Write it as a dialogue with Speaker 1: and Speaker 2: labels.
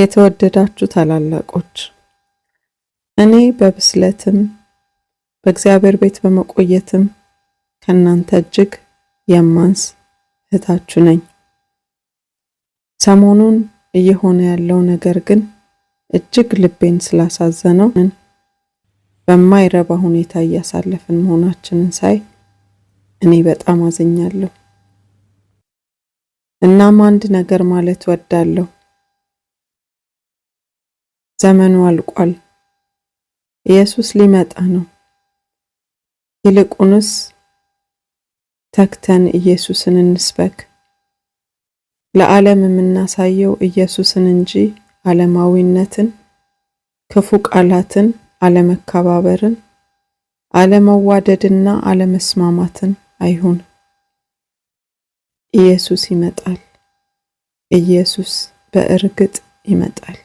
Speaker 1: የተወደዳችሁ ታላላቆች፣ እኔ በብስለትም በእግዚአብሔር ቤት በመቆየትም ከእናንተ እጅግ የማንስ እህታችሁ ነኝ። ሰሞኑን እየሆነ ያለው ነገር ግን እጅግ ልቤን ስላሳዘነው በማይረባ ሁኔታ እያሳለፍን መሆናችንን ሳይ እኔ በጣም አዝኛለሁ። እናም አንድ ነገር ማለት ወዳለሁ። ዘመኑ አልቋል። ኢየሱስ ሊመጣ ነው። ይልቁንስ ተክተን ኢየሱስን እንስበክ። ለዓለም የምናሳየው ኢየሱስን እንጂ ዓለማዊነትን፣ ክፉ ቃላትን፣ አለመከባበርን፣ አለመዋደድና አለመስማማትን አይሁን። ኢየሱስ ይመጣል። ኢየሱስ በእርግጥ ይመጣል።